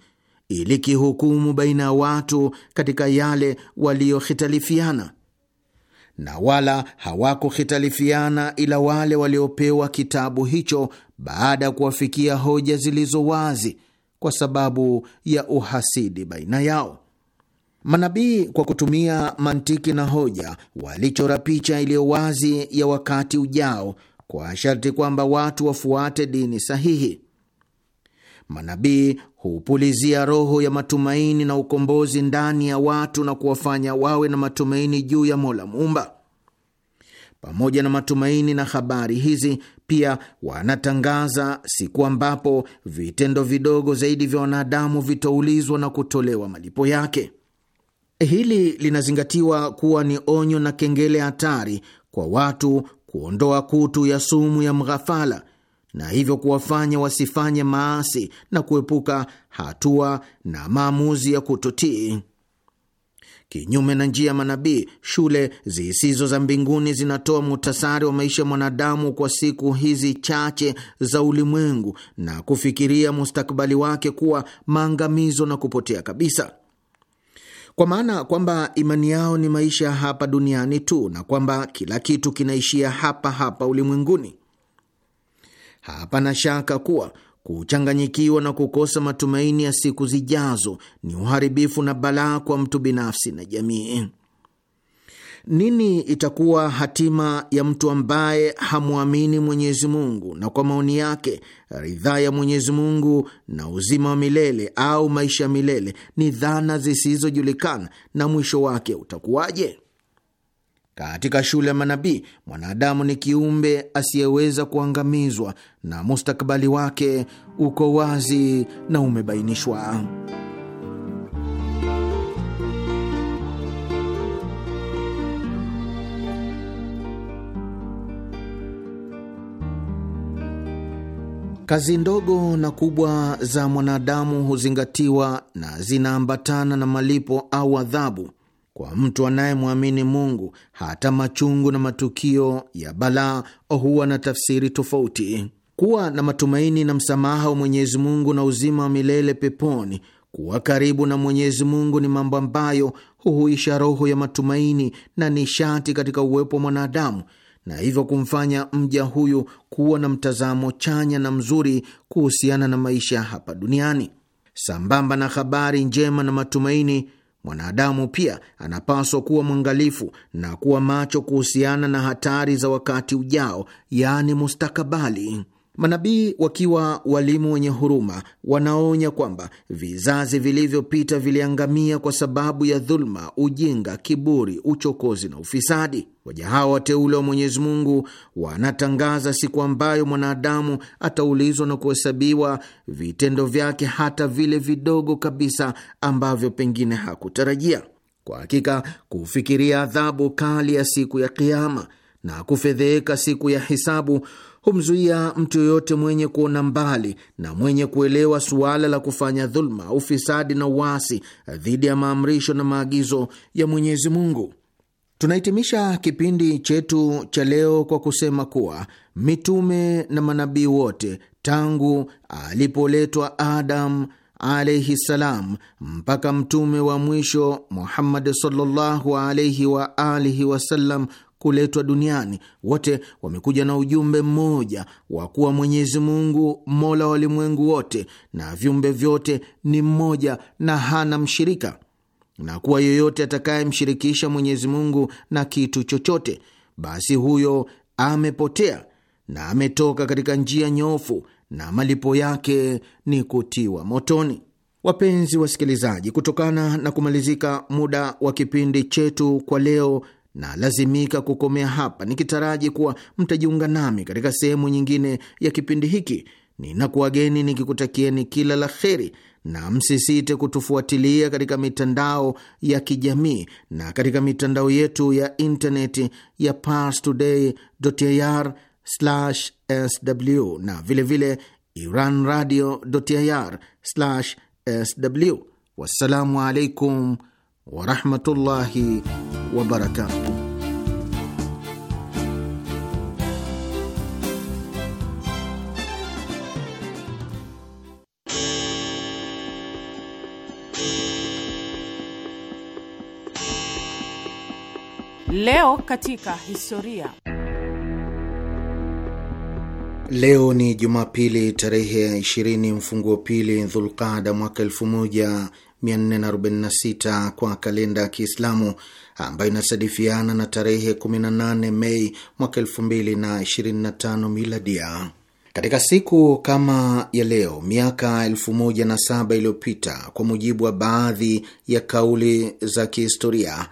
ili kihukumu baina ya watu katika yale waliohitalifiana, na wala hawakuhitalifiana ila wale waliopewa kitabu hicho baada ya kuwafikia hoja zilizo wazi kwa sababu ya uhasidi baina yao. Manabii kwa kutumia mantiki na hoja walichora picha iliyo wazi ya wakati ujao kwa sharti kwamba watu wafuate dini sahihi. Manabii hupulizia roho ya matumaini na ukombozi ndani ya watu na kuwafanya wawe na matumaini juu ya Mola Muumba. Pamoja na matumaini na habari hizi, pia wanatangaza siku ambapo vitendo vidogo zaidi vya wanadamu vitaulizwa na kutolewa malipo yake. Hili linazingatiwa kuwa ni onyo na kengele hatari kwa watu kuondoa kutu ya sumu ya mghafala na hivyo kuwafanya wasifanye maasi na kuepuka hatua na maamuzi ya kutotii. Kinyume na njia ya manabii, shule zisizo za mbinguni zinatoa muhtasari wa maisha ya mwanadamu kwa siku hizi chache za ulimwengu na kufikiria mustakabali wake kuwa maangamizo na kupotea kabisa, kwa maana kwamba imani yao ni maisha hapa duniani tu na kwamba kila kitu kinaishia hapa hapa ulimwenguni. Hapana shaka kuwa Kuchanganyikiwa na kukosa matumaini ya siku zijazo ni uharibifu na balaa kwa mtu binafsi na jamii. Nini itakuwa hatima ya mtu ambaye hamwamini Mwenyezi Mungu na kwa maoni yake ridhaa ya Mwenyezi Mungu na uzima wa milele au maisha ya milele ni dhana zisizojulikana, na mwisho wake utakuwaje? Katika shule ya manabii, mwanadamu ni kiumbe asiyeweza kuangamizwa na mustakabali wake uko wazi na umebainishwa. Kazi ndogo na kubwa za mwanadamu huzingatiwa na zinaambatana na malipo au adhabu. Kwa mtu anayemwamini Mungu, hata machungu na matukio ya balaa huwa na tafsiri tofauti. Kuwa na matumaini na msamaha wa Mwenyezi Mungu na uzima wa milele peponi, kuwa karibu na Mwenyezi Mungu ni mambo ambayo huhuisha roho ya matumaini na nishati katika uwepo wa mwanadamu na hivyo kumfanya mja huyu kuwa na mtazamo chanya na mzuri kuhusiana na maisha hapa duniani. Sambamba na habari njema na matumaini Mwanadamu pia anapaswa kuwa mwangalifu na kuwa macho kuhusiana na hatari za wakati ujao, yaani mustakabali. Manabii wakiwa walimu wenye huruma, wanaonya kwamba vizazi vilivyopita viliangamia kwa sababu ya dhuluma, ujinga, kiburi, uchokozi na ufisadi. Waja hawa wateule wa Mwenyezi Mungu wanatangaza siku ambayo mwanadamu ataulizwa na kuhesabiwa vitendo vyake, hata vile vidogo kabisa ambavyo pengine hakutarajia. Kwa hakika kufikiria adhabu kali ya siku ya Kiama na kufedheeka siku ya hisabu humzuia mtu yoyote mwenye kuona mbali na mwenye kuelewa suala la kufanya dhuluma, ufisadi na uasi dhidi ya maamrisho na maagizo ya Mwenyezi Mungu. Tunahitimisha kipindi chetu cha leo kwa kusema kuwa mitume na manabii wote tangu alipoletwa Adam alaihi salam mpaka mtume wa mwisho Muhammad sallallahu alaihi wa alihi wasallam kuletwa duniani, wote wamekuja na ujumbe mmoja wa kuwa Mwenyezi Mungu mola wa ulimwengu wote na viumbe vyote ni mmoja na hana mshirika, na kuwa yeyote atakayemshirikisha Mwenyezi Mungu na kitu chochote, basi huyo amepotea na ametoka katika njia nyofu na malipo yake ni kutiwa motoni. Wapenzi wasikilizaji, kutokana na kumalizika muda wa kipindi chetu kwa leo na lazimika kukomea hapa, nikitaraji kuwa mtajiunga nami katika sehemu nyingine ya kipindi hiki. Ninakuwageni nikikutakieni kila la kheri, na msisite kutufuatilia katika mitandao ya kijamii na katika mitandao yetu ya intaneti ya parstoday.ir/sw na vilevile iranradio.ir/sw. Wassalamu alaikum warahmatullahi wabarakatuh. Leo katika historia. Leo ni Jumapili tarehe 20 mfunguo pili Dhulqada mwaka 1400 446 kwa kalenda ya Kiislamu ambayo inasadifiana na tarehe 18 Mei mwaka 2025 miladia. Katika siku kama ya leo miaka 17 iliyopita, kwa mujibu wa baadhi ya kauli za kihistoria,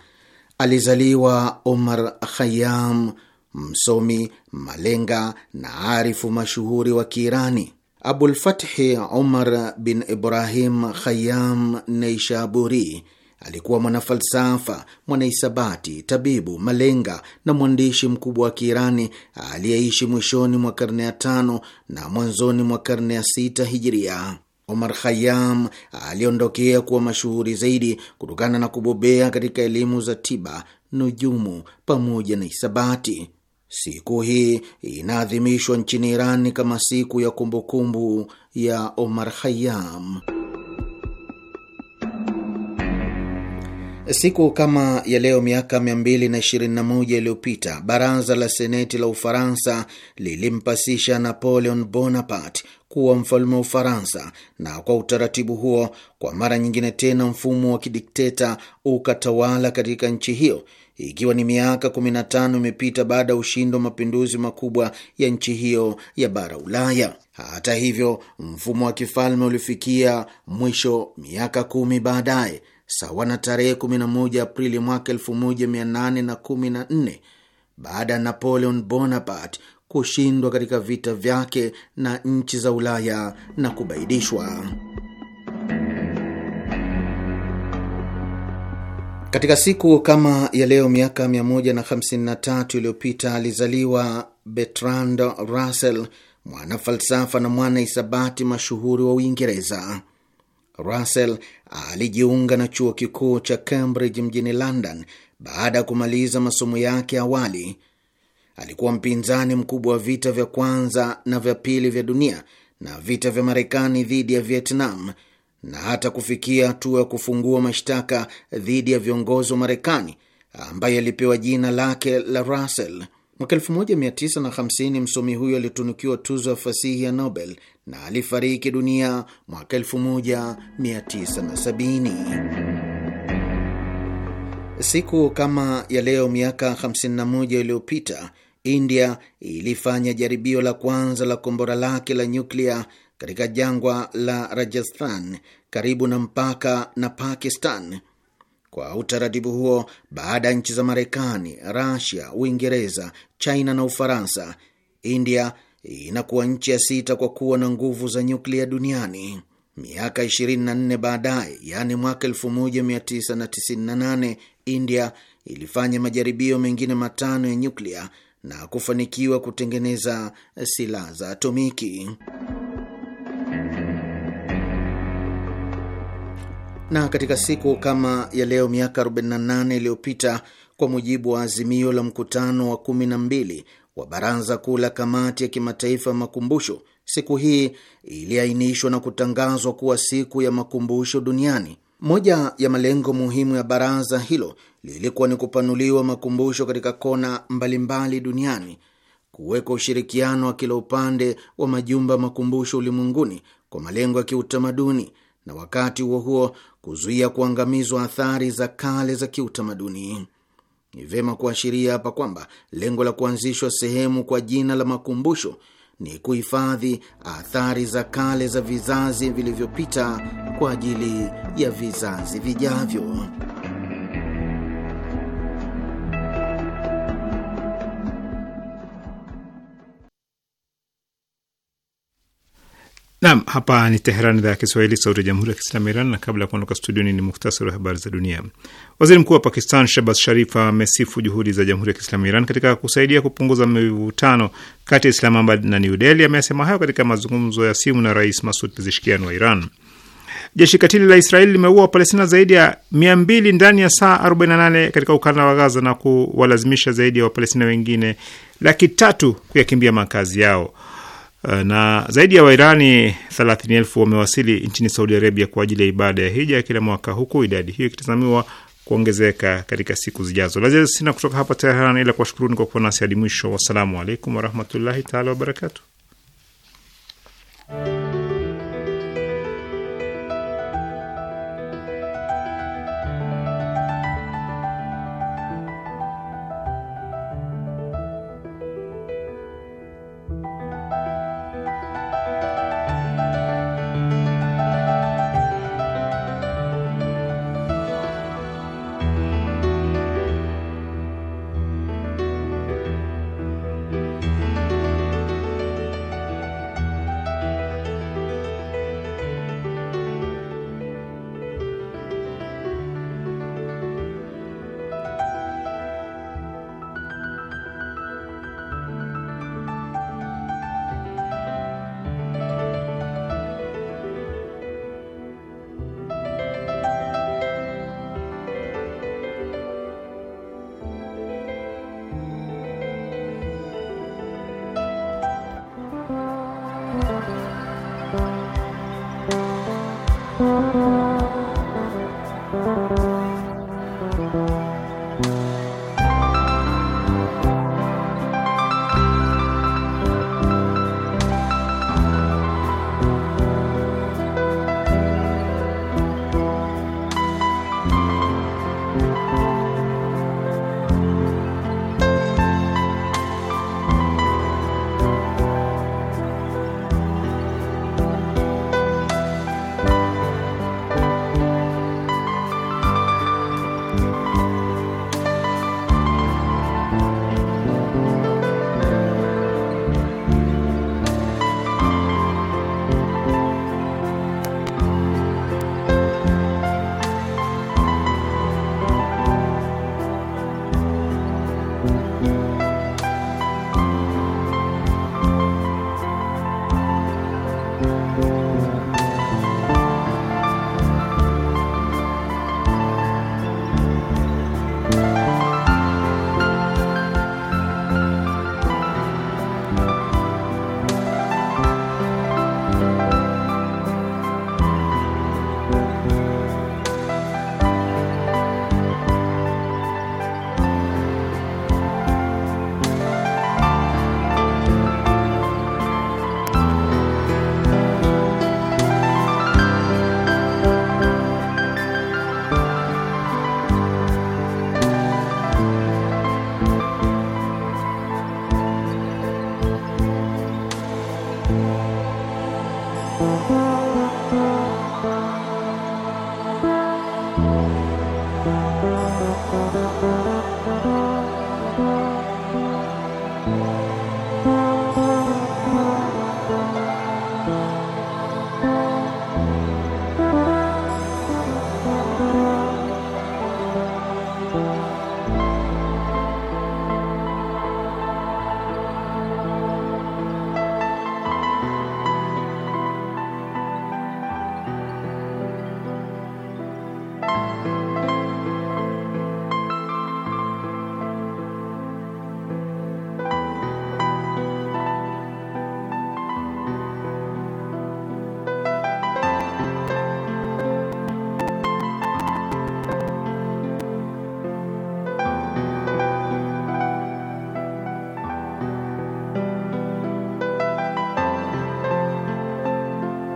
alizaliwa Omar Khayam, msomi malenga na arifu mashuhuri wa Kiirani. Abulfathi Umar bin Ibrahim Khayam Neishaburi alikuwa mwanafalsafa, mwanahisabati, tabibu, malenga na mwandishi mkubwa wa Kiirani aliyeishi mwishoni mwa karne ya tano na mwanzoni mwa karne ya sita hijiria. Omar Khayam aliondokea kuwa mashuhuri zaidi kutokana na kubobea katika elimu za tiba, nujumu pamoja na hisabati. Siku hii inaadhimishwa nchini Iran kama siku ya kumbukumbu ya Omar Khayyam. Siku kama ya leo miaka 221 iliyopita baraza la seneti la Ufaransa lilimpasisha Napoleon Bonaparte kuwa mfalme wa Ufaransa, na kwa utaratibu huo, kwa mara nyingine tena mfumo wa kidikteta ukatawala katika nchi hiyo, ikiwa ni miaka 15 imepita baada ya ushindi wa mapinduzi makubwa ya nchi hiyo ya bara Ulaya. Hata hivyo, mfumo wa kifalme ulifikia mwisho miaka kumi baadaye sawa na tarehe 11 Aprili mwaka 1814 baada ya Napoleon Bonaparte kushindwa katika vita vyake na nchi za Ulaya na kubaidishwa. Katika siku kama ya leo miaka 153 iliyopita alizaliwa Bertrand Russell, mwana falsafa na mwana isabati mashuhuri wa Uingereza. Russell alijiunga na chuo kikuu cha Cambridge mjini London baada ya kumaliza masomo yake awali. Alikuwa mpinzani mkubwa wa vita vya kwanza na vya pili vya dunia na vita vya Marekani dhidi ya Vietnam na hata kufikia hatua ya kufungua mashtaka dhidi ya viongozi wa Marekani ambaye alipewa jina lake la Russell. Mwaka 1950 msomi huyo alitunukiwa tuzo ya fasihi ya Nobel na alifariki dunia mwaka 1970. Siku kama ya leo miaka 51 iliyopita India ilifanya jaribio la kwanza la kombora lake la nyuklia katika jangwa la Rajasthan karibu na mpaka na Pakistan. Kwa utaratibu huo, baada ya nchi za Marekani, Rasia, Uingereza, China na Ufaransa, India inakuwa nchi ya sita kwa kuwa na nguvu za nyuklia duniani. Miaka 24 baadaye, yaani mwaka 1998, India ilifanya majaribio mengine matano ya nyuklia na kufanikiwa kutengeneza silaha za atomiki. Na katika siku kama ya leo miaka 48 iliyopita kwa mujibu wa azimio la mkutano wa kumi na mbili wa baraza kuu la kamati ya kimataifa ya makumbusho. Siku hii iliainishwa na kutangazwa kuwa siku ya makumbusho duniani. Moja ya malengo muhimu ya baraza hilo lilikuwa ni kupanuliwa makumbusho katika kona mbalimbali duniani, kuweka ushirikiano wa kila upande wa majumba ya makumbusho ulimwenguni kwa malengo ya kiutamaduni, na wakati huo huo kuzuia kuangamizwa athari za kale za kiutamaduni. Ni vyema kuashiria hapa kwamba lengo la kuanzishwa sehemu kwa jina la makumbusho ni kuhifadhi athari za kale za vizazi vilivyopita kwa ajili ya vizazi vijavyo. Nam, hapa ni Teheran, idhaa ya Kiswahili, sauti ya jamhuri ya kiislamu Iran. Na kabla ya kuondoka studioni, ni muhtasari wa habari za dunia. Waziri mkuu wa Pakistan shabas Sharif amesifu juhudi za jamhuri ya kiislamu Iran katika kusaidia kupunguza mivutano kati ya Islamabad na New Deli. Amesema hayo katika mazungumzo ya simu na Rais Masud Pezeshkian wa Iran. Jeshi katili la Israeli limeua Wapalestina zaidi ya mia mbili ndani ya saa 48 katika ukanda wa Gaza na kuwalazimisha zaidi ya Wapalestina wengine laki tatu kuyakimbia makazi yao. Eh, na zaidi ya Wairani 30,000 wamewasili nchini Saudi Arabia kwa ajili ya ibada ya hija kila mwaka, huku idadi hiyo ikitazamiwa kuongezeka katika siku zijazo. Lazima sina kutoka hapa Teheran ila kuwashukuruni kwa kuwa nasi hadi mwisho. Wassalamu alaikum warahmatullahi taala wabarakatu.